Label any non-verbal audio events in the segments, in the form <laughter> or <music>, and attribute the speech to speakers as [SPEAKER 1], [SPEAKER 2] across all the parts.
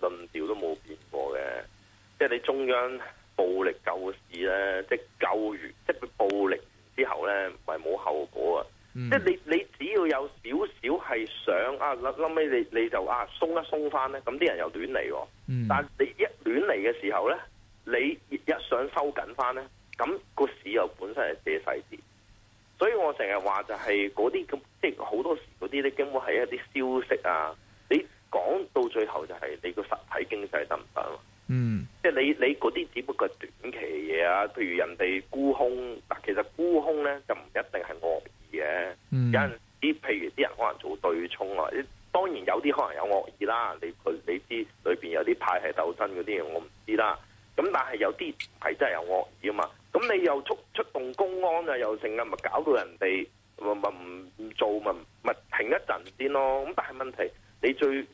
[SPEAKER 1] 論調都冇變過嘅，即係你中央暴力救市咧，即係救完，即係佢暴力完之後咧，唔係冇後果啊！嗯、即係你你只要有少少係想啊，諗諗尾你你就啊鬆一鬆翻咧，咁啲人又亂嚟喎。嗯、但你一亂嚟嘅時候咧，你一想收緊翻咧，咁個市又本身係借勢跌，所以我成日話就係嗰啲咁，即係好多時嗰啲咧根本係一啲消息啊。講到最後就係你個實體經濟得唔得啊？嗯，即係你你嗰啲只不過短期嘢啊，譬如人哋沽空，但其實沽空咧就唔一定係惡意嘅。有陣時譬如啲人可能做對沖啊，當然有啲可能有惡意啦。你佢你知裏邊有啲派系鬥爭嗰啲嘢我唔知啦。咁但係有啲係真係有惡意啊嘛。咁你又出出動公安啊，又成啊，咪搞到人哋咪咪唔做咪咪停一陣先咯。咁但係問題你最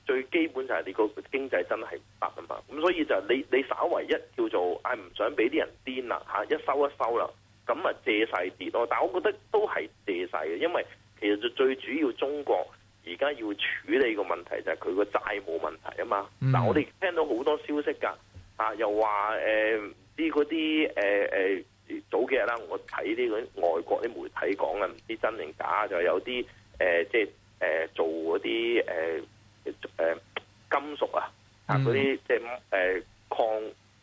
[SPEAKER 1] 你個經濟真係唔得啊嘛，咁所以就你你稍為一叫做，唉、哎、唔想俾啲人癲啦嚇，一收一收啦，咁啊借勢跌咯，但係我覺得都係借勢嘅，因為其實最最主要中國而家要處理個問題就係佢個債務問題啊嘛。嗱，我哋聽到好多消息噶嚇，又話誒唔知嗰啲誒誒早幾日啦，我睇啲外國啲媒體講嘅，唔知真定假就係、是、有啲。嗰啲即係誒礦，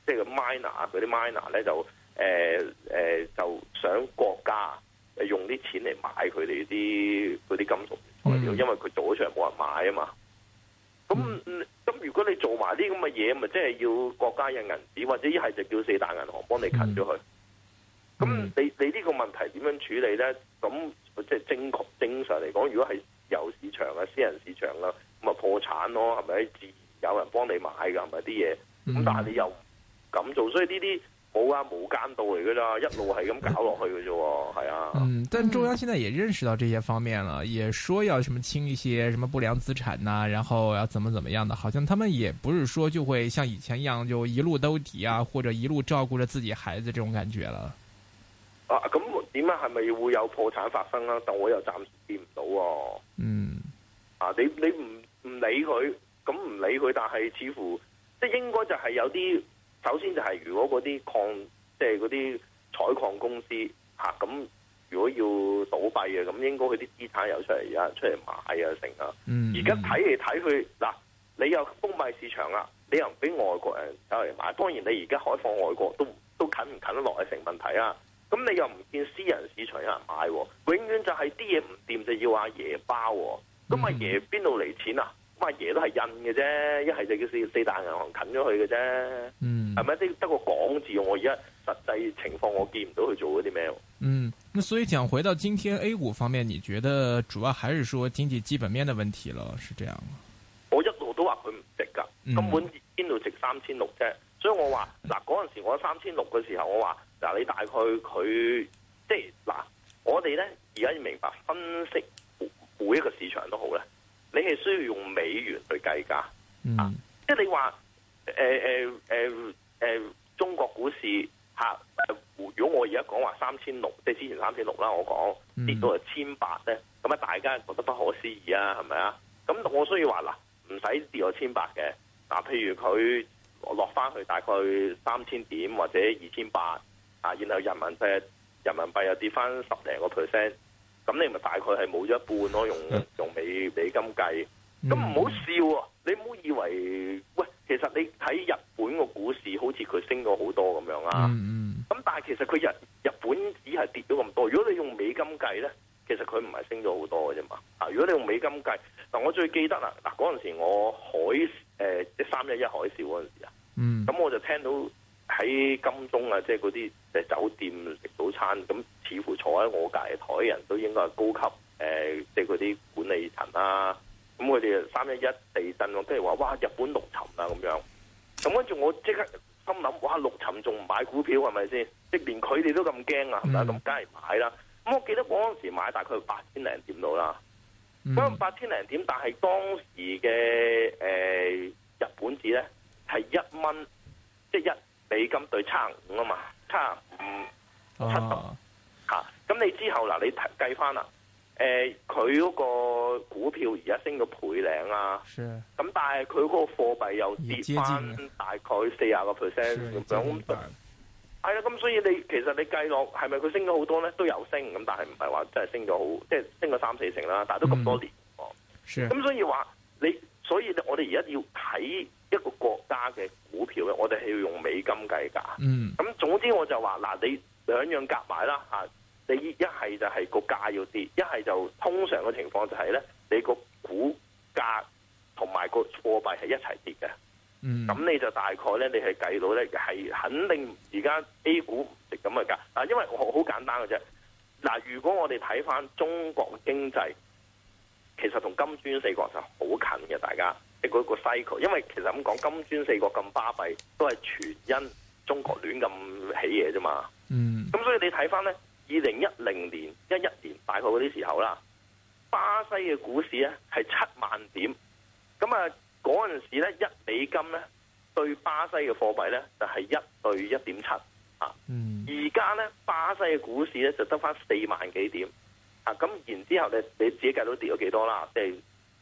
[SPEAKER 1] 即係 miner 嗰啲 miner 咧就誒、是、誒就,、呃呃、就想國家用啲錢嚟買佢哋啲嗰啲金屬材料、嗯，因為佢做咗出嚟冇人買啊嘛。咁咁、嗯、如果你做埋啲咁嘅嘢，咪即係要國家印銀紙，或者一係就叫四大銀行幫你近咗佢。咁、嗯嗯、你你呢個問題點樣處理咧？咁即係正確正常嚟講，如果係有市場啊、私人市場啦，咁啊破產咯，係咪？有人幫你買㗎，係咪啲嘢咁，但係你又咁做，所以呢啲冇啊，冇監到嚟噶咋，一路係咁搞落去嘅啫，係 <laughs> 啊。
[SPEAKER 2] 嗯，但中央現在也認識到這些方面了，也說要什麼清一些什麼不良資產嗱、啊，然後要怎麼怎麼樣的，好像他們也不是說就會像以前一樣就一路兜底啊，或者一路照顧着自己孩子這種感覺了。
[SPEAKER 1] 啊，咁點解係咪會有破產發生啦？但我又暫時見唔到喎。嗯。啊，你你唔唔理佢。咁唔理佢，但係似乎即係應該就係有啲。首先就係如果嗰啲礦，即係嗰啲採礦公司吓，咁、啊、如果要倒閉嘅，咁應該佢啲資產又出嚟有人出嚟買啊，成啊。而家睇嚟睇去，嗱，你又封閉市場啦，你又唔俾外國人走嚟買。當然你而家開放外國都都近唔近得落嚟成問題啊。咁你又唔見私人市場有人買，永遠就係啲嘢唔掂就要阿爺包。咁阿爺邊度嚟錢啊？Mm-hmm. 乜嘢都係印嘅啫，一係就叫四四大銀行近咗佢嘅啫，係咪？即得個講字，我而家實際情況，我見唔到佢做嗰啲咩？嗯，
[SPEAKER 2] 咁所以講回到今天 A 股方面，你覺得主要還是說經濟基本面嘅問題咯、嗯？是這樣？
[SPEAKER 1] 我一路都話佢唔值噶，根本邊度值三千六啫？所以我話嗱，嗰陣時候，我三千六嘅時候，我話嗱，你大概佢即係嗱，我哋咧而家要明白分析每每一個市場都好咧。你係需要用美元去計價，嗯、啊！即係你話，誒誒誒誒，中國股市嚇、啊，如果我而家講話三千六，即係之前三千六啦，我講跌到係千八咧，咁、嗯、啊大家覺得不可思議啊，係咪啊？咁我需要話啦，唔使跌到千八嘅，嗱、啊，譬如佢落翻去大概三千點或者二千八啊，然後人民幣人民幣又跌翻十零個 percent。咁你咪大概係冇咗一半咯，用用美美金計，咁唔好笑、啊，你唔好以為，喂，其實你睇日本個股市好似佢升咗好多咁樣啊，咁、嗯嗯、但係其實佢日日本只係跌咗咁多，如果你用美金計咧，其實佢唔係升咗好多嘅啫嘛，啊，如果你用美金計，嗱我最記得啦，嗱嗰陣時我海誒即三一一海嘯嗰陣時啊，咁、嗯、我就聽到喺金鐘啊，即係嗰啲。買大概八千零點到啦，咁八千零點，但係當時嘅誒、呃、日本紙咧係一蚊，即一、就是、美金兌七五啊嘛，七五七十吓，咁、啊、你之後嗱，你計翻啦，誒佢嗰個股票而家升到倍零啦，咁但係佢個貨幣又跌翻大概四十個 percent 咁係啊，咁所以你其實你計落係咪佢升咗好多咧？都有升咁，但係唔係話真係升咗好，即係升咗三四成啦。但係都咁多年哦，咁、mm. 所以話你，所以我哋而家要睇一個國家嘅股票嘅，我哋係要用美金計價。嗯，咁總之我就話嗱，你兩樣夾埋啦吓，你一係就係個價要跌，一係就通常嘅情況就係咧，你個股價同埋個貨幣係一齊跌嘅。咁、嗯、你就大概咧，你係計到咧，係肯定而家 A 股唔值咁嘅價嗱，因為我好簡單嘅啫。嗱，如果我哋睇翻中國嘅經濟，其實同金磚四國就好近嘅，大家即嗰、那個 cycle。因為其實咁講，金磚四國咁巴閉，都係全因中國亂咁起嘢啫嘛。嗯。咁所以你睇翻咧，二零一零年一一年大概嗰啲時候啦，巴西嘅股市咧係七萬點。咁啊～嗰陣時咧，一美金咧對巴西嘅貨幣咧就係一對一點七啊。而家咧，巴西嘅股市咧就得返四萬幾點啊。咁然之後，你你自己計到跌咗幾多啦？即係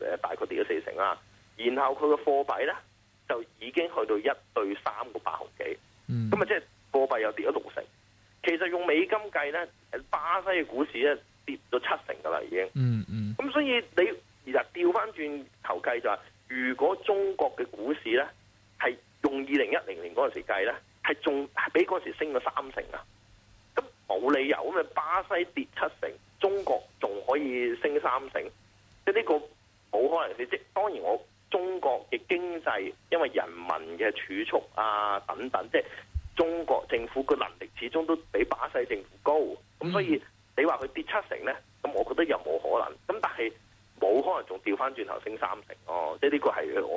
[SPEAKER 1] 誒，大概跌咗四成啦。然後佢嘅貨幣咧就已經去到一對三個八毫幾。咁啊，即係貨幣又跌咗六成。其實用美金計咧，巴西嘅股市咧跌咗七成㗎啦，已經。嗯嗯。咁所以你。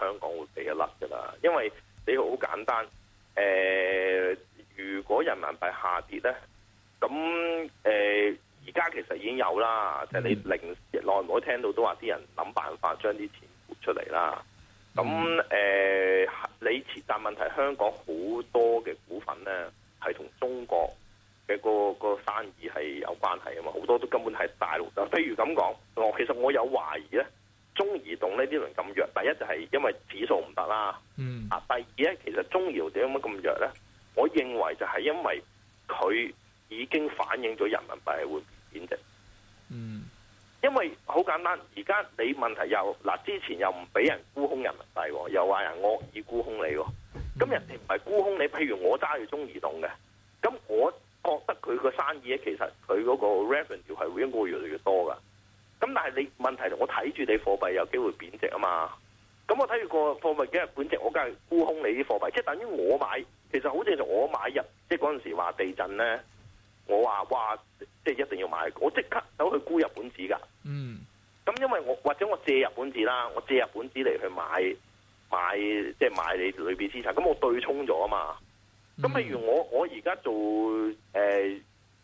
[SPEAKER 1] 香港會跌一粒嘅啦，因為你好簡單。誒、呃，如果人民幣下跌咧，咁而家其實已經有啦，即、嗯、係、就是、你零內外聽到都話啲人諗辦法將啲錢撥出嚟啦。咁、嗯、誒、呃，你前提問題，香港好多嘅股份咧係同中國嘅、嗰個、嗰個生意係有關係啊嘛，好多都根本係大陸。譬如咁講，我其實我有懷疑咧。中移動呢啲輪咁弱，第一就係因為指數唔得啦。嗯，啊，第二咧，其實中移動點解咁弱咧？我認為就係因為佢已經反映咗人民幣係會貶值。嗯，因為好簡單，而家你問題又嗱，之前又唔俾人沽空人民幣，又話人惡意沽空你，咁、嗯、人哋唔係沽空你，譬如我揸住中移動嘅，咁我覺得佢個生意咧，其實佢嗰個 revenue 係會應該會越嚟越多噶。咁但係你問題，我睇住你貨幣有機會貶值啊嘛，咁我睇住個貨幣幾日本值，我梗係沽空你啲貨幣，即係等於我買，其實好似我買日，即係嗰陣時話地震呢，我話哇，即係一定要買，我即刻走去沽日本紙㗎。嗯，咁因為我或者我借日本紙啦，我借日本紙嚟去買買，即係買你裏邊資產，咁我對沖咗啊嘛。咁譬如我我而家做誒。呃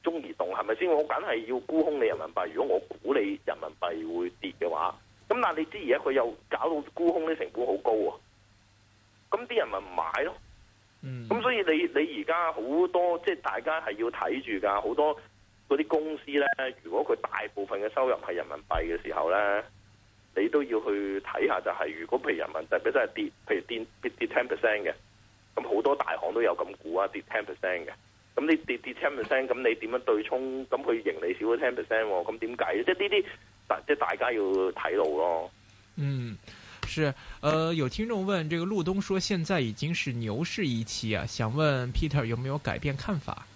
[SPEAKER 1] 中移動係咪先？我梗係要沽空你人民幣。如果我估你人民幣會跌嘅話，咁但係你知而家佢又搞到沽空啲成本好高喎。咁啲人咪唔買咯。嗯。咁所以你你而家好多即係大家係要睇住㗎。好多嗰啲公司咧，如果佢大部分嘅收入係人民幣嘅時候咧，你都要去睇下，就係。就係如果譬如人民幣，譬如真係跌，譬如跌跌跌 ten percent 嘅，咁好多大行都有咁估啊，跌 ten percent 嘅。咁你跌跌 ten percent，咁你點樣對沖？咁佢盈利少咗 ten percent，咁點解？即係呢啲，即係大家要睇路咯。嗯，
[SPEAKER 2] 是。呃，有聽眾問，這個陸東說現在已經是牛市一期啊，想問 Peter 有沒有改變看法？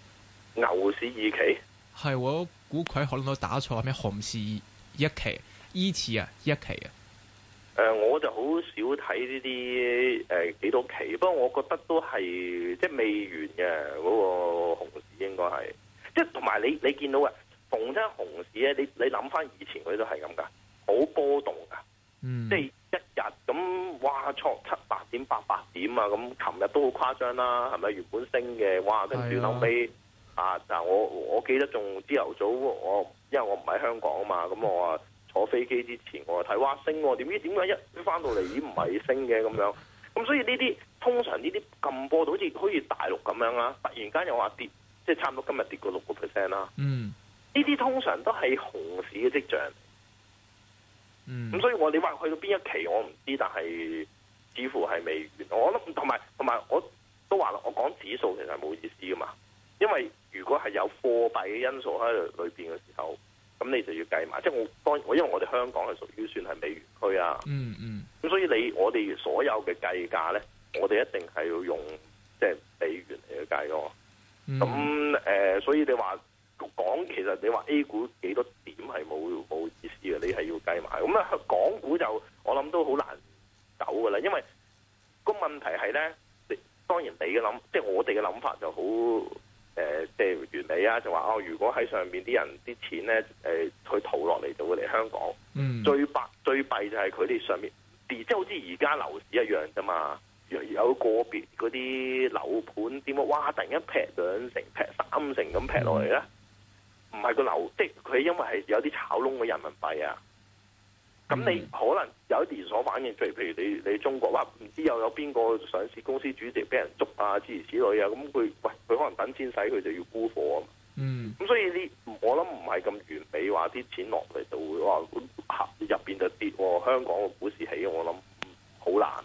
[SPEAKER 1] 牛市二期
[SPEAKER 2] 係我估佢可能都打錯，係咪熊市一期？依次啊，一期啊。
[SPEAKER 1] 誒、呃、我就好少睇呢啲誒幾多期，不過我覺得都係即係未完嘅嗰、嗰個熊市應該係即係，同埋你你見到嘅逢親熊市咧，你你諗翻以前佢都係咁噶，好波動噶。嗯，即係，即係一日咁哇挫七百點八百點啊，咁琴日都好誇張啦，係咪原本升嘅哇，跟住轉頭尾啊！就我我記得仲朝頭早我，因為我唔喺香港啊嘛，咁我。飛機之前我睇哇升，啊，點知點解一翻到嚟，已唔係升嘅咁樣，咁所以呢啲通常呢啲咁波到好似好似大陸咁樣啦，啊，突然間又話跌，即係差唔多今日跌過六個 percent 啦。嗯，呢啲通常都係熊市嘅跡象。嗯，咁所以我你話去到邊一期我唔知，但係似乎係未完。我諗同埋同埋我都話啦，我講指數其實冇意思噶嘛，因為如果係有貨幣嘅因素喺裏邊嘅時候。咁你就要計埋，即係我當然我因為我哋香港係屬於算係美元區啊，嗯嗯，咁所以你我哋所有嘅計價咧，我哋一定係要用即係、就是、美元嚟去計嘅。咁誒，所以你話講其實你話 A 股幾多點係冇冇意思嘅，你係要計埋。咁啊，港股就我諗都好難走㗎啦，因為個問題係咧，當然你嘅諗，即係我哋嘅諗法就好。誒、呃，即係原理啊！就話哦，如果喺上面啲人啲錢咧，佢逃落嚟就會嚟香港。嗯、最白最弊就係佢哋上面，即、就、係、係、好似而家樓市一樣啫嘛。有個別嗰啲樓盤點解哇，突然間劈兩成、劈三成咁劈落嚟咧？唔、嗯、係個樓，即佢因為係有啲炒窿嘅人民幣啊。咁你可能有啲連鎖反應，譬如譬如，你你中國話唔知又有邊個上市公司主席俾人捉啊，諸如此類啊，咁佢喂，佢可能等錢使，佢就要沽貨啊嘛。嗯。咁所以呢，我諗唔係咁完美，話啲錢落嚟就會話入面就跌。香港個股市起，我諗好難。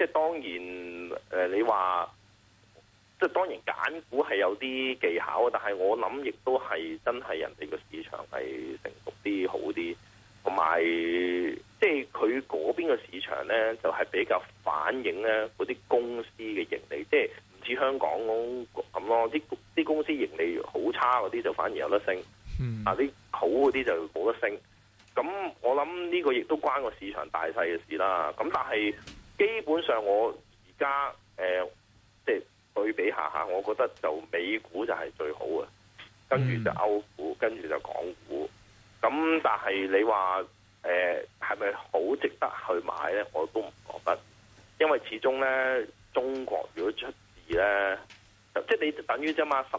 [SPEAKER 1] 即係當然，誒、呃，你話即係當然揀股係有啲技巧，但係我諗亦都係真係人哋個市場係成熟啲好啲，同埋即係佢嗰邊嘅市場咧就係、是、比較反映咧嗰啲公司嘅盈利，即係唔似香港咁咁咯，啲啲公司盈利好差嗰啲就反而有得升，啊、嗯、啲好嗰啲就冇得升。咁我諗呢個亦都關個市場大細嘅事啦。咁但係。基本上我而家誒，即係對比下下，我覺得就美股就係最好啊，跟住就歐股，跟住就港股。咁但係你話誒係咪好值得去買咧？我都唔覺得，因為始終咧中國如果出事咧，即係你等於啫嘛。十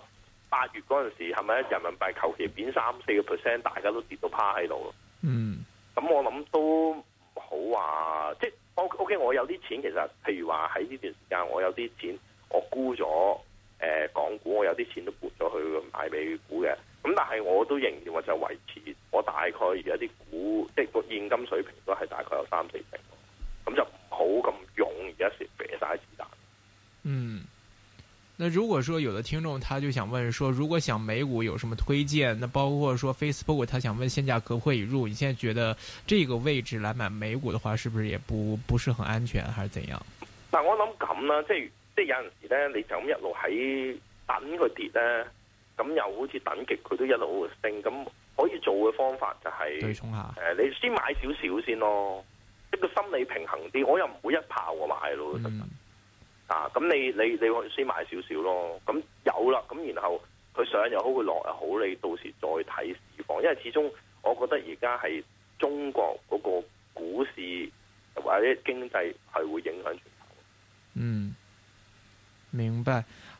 [SPEAKER 1] 八月嗰陣時係咪人民幣求其貶三四個 percent，大家都跌到趴喺度咯。嗯，咁我諗都唔好話即係。OK，我有啲錢，其實譬如話喺呢段時間，我有啲錢，我沽咗誒港股，我有啲錢都撥咗去買美股嘅。咁但係我都仍然或者維持，我大概有一啲股，即係個現金水平都係大概有三四成。咁就唔好咁勇，而家食曬子彈。嗯。
[SPEAKER 2] 那如果說有的聽眾，他就想問說，如果想美股有什麼推薦，那包括說 Facebook，他想問現價可不可以入，你現在覺得這個位置來買美股的話，是不是也不不是很安全，還是怎樣？
[SPEAKER 1] 但我諗咁啦，即係即係有陣時咧，你就咁一路喺等佢跌咧，咁又好似等極佢都一路升，咁可以做嘅方法就係，是，對沖下，誒、呃，你先買少少先咯，一、這個心理平衡啲，我又唔會一炮我買咯。嗯啊！咁你你你可以先買少少咯，咁有啦，咁然後佢上又好，佢落又好，你到時再睇市況，因為始終我覺得而家係中國嗰個股市或者經濟係會影響全球。嗯，
[SPEAKER 2] 明白。